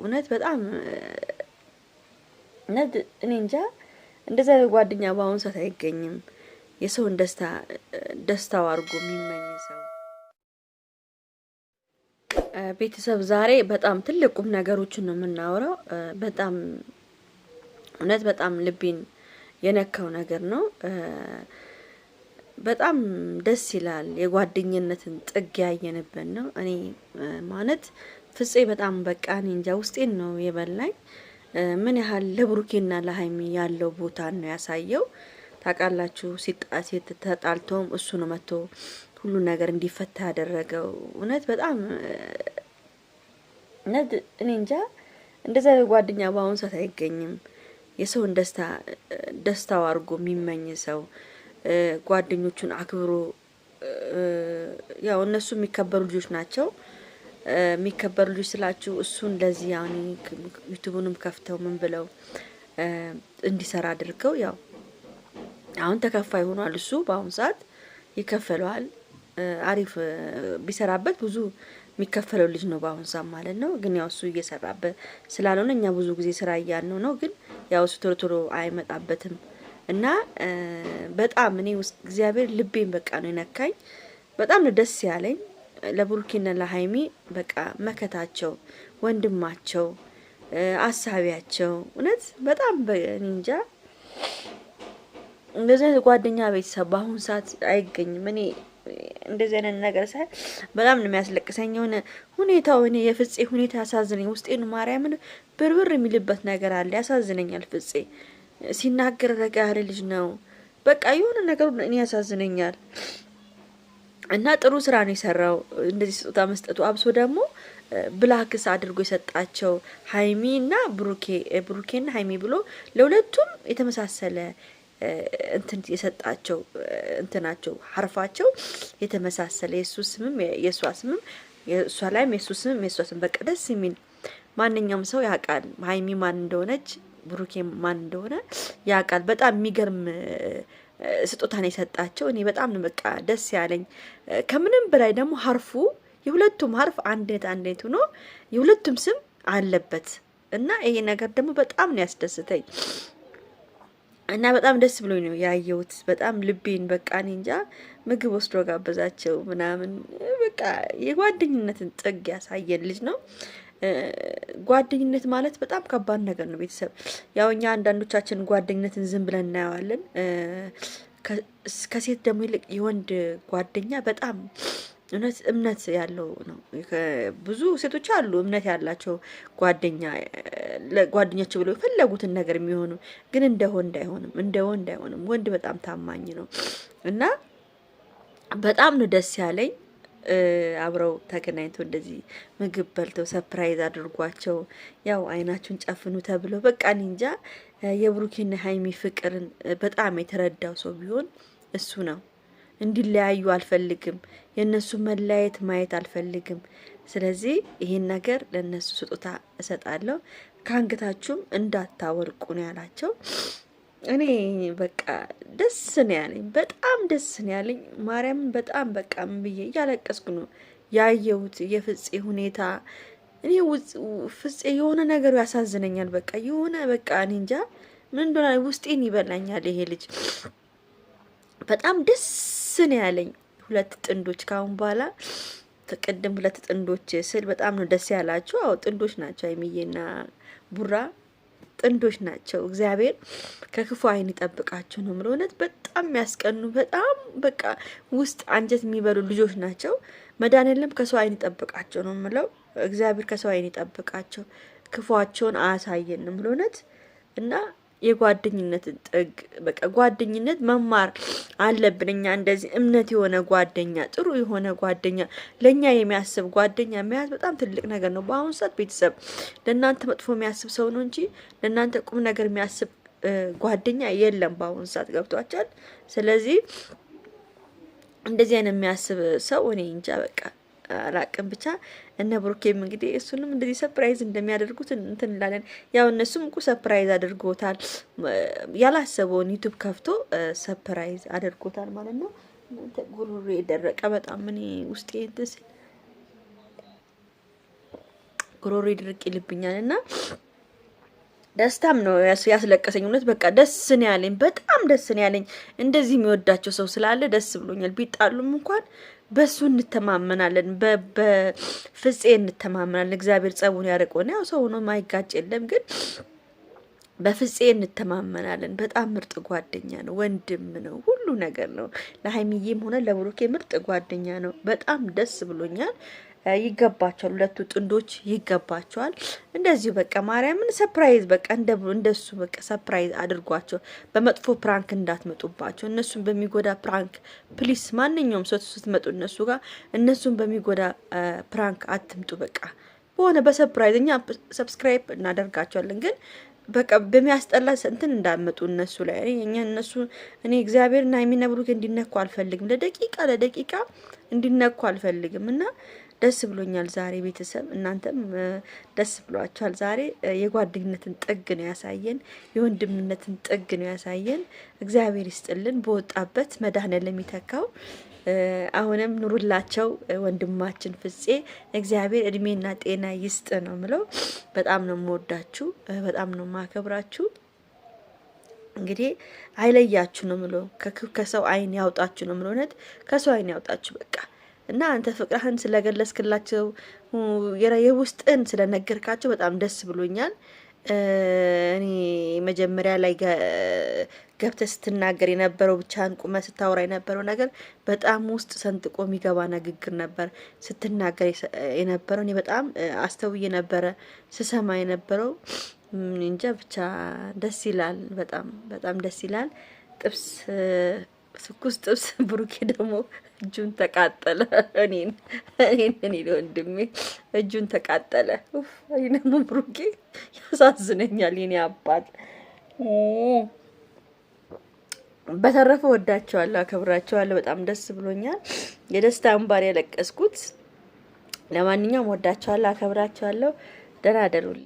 እውነት በጣም እውነት እኔ እንጃ እንደዛ ጓደኛ በአሁኑ ሰዓት አይገኝም። የሰውን ደስታ ደስታው አድርጎ የሚመኝ ሰው ቤተሰብ ዛሬ በጣም ትልቅ ቁም ነገሮችን ነው የምናወራው። በጣም እውነት በጣም ልቤን የነካው ነገር ነው። በጣም ደስ ይላል። የጓደኝነትን ጥግ ያየንበት ነው። እኔ ማለት ፍፄ በጣም በቃ እኔ እንጃ ውስጤን ነው የበላኝ። ምን ያህል ለብሩኬና ለሀይሚ ያለው ቦታ ነው ያሳየው። ታውቃላችሁ ሲጣሴት ተጣልተውም እሱ ነው መጥቶ ሁሉ ነገር እንዲፈታ ያደረገው። እውነት በጣም እውነት እኔ እንጃ እንደዛ ጓደኛ በአሁኑ ሰዓት አይገኝም። የሰውን ደስታ ደስታው አድርጎ የሚመኝ ሰው ጓደኞቹን አክብሮ ያው እነሱ የሚከበሩ ልጆች ናቸው። የሚከበሩ ልጆች ስላችሁ እሱ እንደዚህ ያኔ ዩቱቡንም ከፍተው ምን ብለው እንዲሰራ አድርገው ያው አሁን ተከፋይ ሆኗል። እሱ በአሁኑ ሰዓት ይከፈለዋል። አሪፍ ቢሰራበት ብዙ የሚከፈለው ልጅ ነው በአሁኑ ሰዓት ማለት ነው። ግን ያው እሱ እየሰራበት ስላልሆነ እኛ ብዙ ጊዜ ስራ እያልነው ነው። ግን ያው እሱ ቶሎ ቶሎ አይመጣበትም። እና በጣም እኔ ውስጥ እግዚአብሔር ልቤን በቃ ነው የነካኝ። በጣም ነው ደስ ያለኝ ለብሩኬና ለሀይሚ በቃ መከታቸው፣ ወንድማቸው፣ አሳቢያቸው እውነት በጣም እንጃ እንደዚህ አይነት ጓደኛ ቤተሰብ በአሁኑ ሰዓት አይገኝም። እኔ እንደዚህ አይነት ነገር ሳይ በጣም ነው የሚያስለቅሰኝ። የሆነ ሁኔታው እኔ የፍጼ ሁኔታ ያሳዝነኝ ውስጤን ማርያምን ብርብር የሚልበት ነገር አለ። ያሳዝነኛል ፍጼ። ሲናገር ረጋ ያለ ልጅ ነው። በቃ የሆነ ነገሩ እኔ ያሳዝነኛል። እና ጥሩ ስራ ነው የሰራው እንደዚህ ስጦታ መስጠቱ። አብሶ ደግሞ ብላክስ አድርጎ የሰጣቸው ሀይሚ እና ብሩኬ ብሩኬና ሀይሚ ብሎ ለሁለቱም የተመሳሰለ እንትን የሰጣቸው እንትናቸው ሀርፋቸው የተመሳሰለ የእሱ ስምም የእሷ ስምም የእሷ ላይም የእሱ ስምም የእሷ ስም በቃ ደስ የሚል ማንኛውም ሰው ያውቃል ሀይሚ ማን እንደሆነች ብሩኬ ማን እንደሆነ ያውቃል። በጣም የሚገርም ስጦታን የሰጣቸው እኔ በጣም በቃ ደስ ያለኝ። ከምንም በላይ ደግሞ ሀርፉ የሁለቱም ሀርፍ አንዴት አንዴት ሆኖ የሁለቱም ስም አለበት እና ይሄ ነገር ደግሞ በጣም ነው ያስደስተኝ እና በጣም ደስ ብሎኝ ነው ያየሁት። በጣም ልቤን በቃ እኔ እንጃ ምግብ ወስዶ ጋበዛቸው ምናምን በቃ የጓደኝነትን ጥግ ያሳየን ልጅ ነው። ጓደኝነት ማለት በጣም ከባድ ነገር ነው። ቤተሰብ ያው እኛ አንዳንዶቻችን ጓደኝነትን ዝም ብለን እናየዋለን። ከሴት ደግሞ ይልቅ የወንድ ጓደኛ በጣም እውነት እምነት ያለው ነው። ብዙ ሴቶች አሉ እምነት ያላቸው ጓደኛ ጓደኛቸው ብለው የፈለጉትን ነገር የሚሆኑ ግን እንደ ወንድ አይሆንም፣ እንደ ወንድ አይሆንም። ወንድ በጣም ታማኝ ነው እና በጣም ነው ደስ ያለኝ። አብረው ተገናኝተው እንደዚህ ምግብ በልተው ሰፕራይዝ አድርጓቸው ያው አይናችሁን ጨፍኑ ተብለው በቃ እንጃ የብሩኬና ሀይሚ ፍቅርን በጣም የተረዳው ሰው ቢሆን እሱ ነው። እንዲለያዩ አልፈልግም። የእነሱ መለያየት ማየት አልፈልግም። ስለዚህ ይሄን ነገር ለእነሱ ስጦታ እሰጣለሁ፣ ከአንገታችሁም እንዳታወርቁ ነው ያላቸው። እኔ በቃ ደስ ነው ያለኝ፣ በጣም ደስ ነው ያለኝ። ማርያም በጣም በቃ ምን ብዬ እያለቀስኩ ነው ያየሁት የፍፄ ሁኔታ። እኔ ፍፄ የሆነ ነገሩ ያሳዝነኛል። በቃ የሆነ በቃ እኔ እንጃ ምን እንደሆነ ውስጤን ይበላኛል። ይሄ ልጅ በጣም ደስ ነው ያለኝ። ሁለት ጥንዶች ካሁን በኋላ ቅድም ሁለት ጥንዶች ስል በጣም ነው ደስ ያላችሁ። አዎ ጥንዶች ናቸው፣ አይሚዬና ቡራ ጥንዶች ናቸው። እግዚአብሔር ከክፉ አይን ይጠብቃቸው ነው የምለው። እውነት በጣም የሚያስቀኑ በጣም በቃ ውስጥ አንጀት የሚበሉ ልጆች ናቸው። መድኃኔዓለም ከሰው አይን ይጠብቃቸው ነው ምለው እግዚአብሔር ከሰው አይን ይጠብቃቸው፣ ክፉአቸውን አያሳየን ነው እውነት እና የጓደኝነትን ጥግ በቃ ጓደኝነት መማር አለብን። እኛ እንደዚህ እምነት የሆነ ጓደኛ፣ ጥሩ የሆነ ጓደኛ፣ ለእኛ የሚያስብ ጓደኛ መያዝ በጣም ትልቅ ነገር ነው። በአሁኑ ሰዓት ቤተሰብ ለእናንተ መጥፎ የሚያስብ ሰው ነው እንጂ ለእናንተ ቁም ነገር የሚያስብ ጓደኛ የለም። በአሁኑ ሰዓት ገብቷቸዋል። ስለዚህ እንደዚህ አይነት የሚያስብ ሰው እኔ እንጃ በቃ አላቅም ብቻ እነ ብሩኬም እንግዲህ እሱንም እንደዚህ ሰፕራይዝ እንደሚያደርጉት እንትን እንላለን። ያው እነሱም እንቁ ሰፕራይዝ አድርጎታል። ያላሰበውን ዩቱብ ከፍቶ ሰፕራይዝ አድርጎታል ማለት ነው። ጉሮሮ የደረቀ በጣም እኔ ውስጤ እንትን ሲል ጉሮሮ ይልብኛል እና ደስታም ነው ያስለቀሰኝ። እውነት በቃ ደስ ነው ያለኝ፣ በጣም ደስ ነው ያለኝ። እንደዚህ የሚወዳቸው ሰው ስላለ ደስ ብሎኛል። ቢጣሉም እንኳን በሱ እንተማመናለን፣ በፍፄ እንተማመናለን። እግዚአብሔር ጸቡን ያርቆን ያው ሰው ሆኖ ማይጋጭ የለም ግን በፍፄ እንተማመናለን። በጣም ምርጥ ጓደኛ ነው፣ ወንድም ነው፣ ሁሉ ነገር ነው። ለሀይሚዬም ሆነ ለብሩኬ ምርጥ ጓደኛ ነው። በጣም ደስ ብሎኛል። ይገባቸዋል፣ ሁለቱ ጥንዶች ይገባቸዋል። እንደዚሁ በቃ ማርያምን ሰፕራይዝ በቃ እንደሱ በቃ ሰፕራይዝ አድርጓቸው። በመጥፎ ፕራንክ እንዳትመጡባቸው፣ እነሱን በሚጎዳ ፕራንክ ፕሊስ። ማንኛውም ሰው ስትመጡ እነሱ ጋር እነሱን በሚጎዳ ፕራንክ አትምጡ። በቃ በሆነ በሰፕራይዝ እኛ ሰብስክራይብ እናደርጋቸዋለን ግን በቃ በሚያስጠላ እንትን እንዳመጡ እነሱ ላይ እኛ እነሱ እኔ እግዚአብሔርና የሚነብሩት እንዲነኩ አልፈልግም። ለደቂቃ ለደቂቃ እንዲነኩ አልፈልግም እና ደስ ብሎኛል ዛሬ ቤተሰብ፣ እናንተም ደስ ብሏችኋል። ዛሬ የጓደኝነትን ጥግ ነው ያሳየን፣ የወንድምነትን ጥግ ነው ያሳየን። እግዚአብሔር ይስጥልን በወጣበት መድኃኔዓለም ይተካው። አሁንም ኑሩላቸው ወንድማችን ፍፄ፣ እግዚአብሔር እድሜና ጤና ይስጥ ነው ምለው። በጣም ነው የምወዳችሁ፣ በጣም ነው የማከብራችሁ። እንግዲህ አይለያችሁ ነው ምለው፣ ከሰው አይን ያውጣችሁ ነው ምለው። እውነት ከሰው አይን ያውጣችሁ በቃ እና አንተ ፍቅርህን ስለገለጽክላቸው የውስጥን ስለነገርካቸው በጣም ደስ ብሎኛል። እኔ መጀመሪያ ላይ ገብተ ስትናገር የነበረው ብቻህን ቁመ ስታወራ የነበረው ነገር በጣም ውስጥ ሰንጥቆ የሚገባ ንግግር ነበር ስትናገር የነበረው። እኔ በጣም አስተውዬ ነበረ ስሰማ የነበረው። እንጃ ብቻ ደስ ይላል። በጣም በጣም ደስ ይላል። ጥብስ ትኩስ ጥብስ ብሩኬ ደግሞ እጁን ተቃጠለ። እኔን እኔን እኔን ወንድሜ እጁን ተቃጠለ። አይነ መብሩቄ ያሳዝነኛል የኔ አባት። በተረፈ ወዳቸዋለሁ፣ አከብራቸዋለሁ። በጣም ደስ ብሎኛል። የደስታ እንባር ያለቀስኩት። ለማንኛውም ወዳቸዋለሁ፣ አከብራቸዋለሁ። ደህና እደሩልኝ።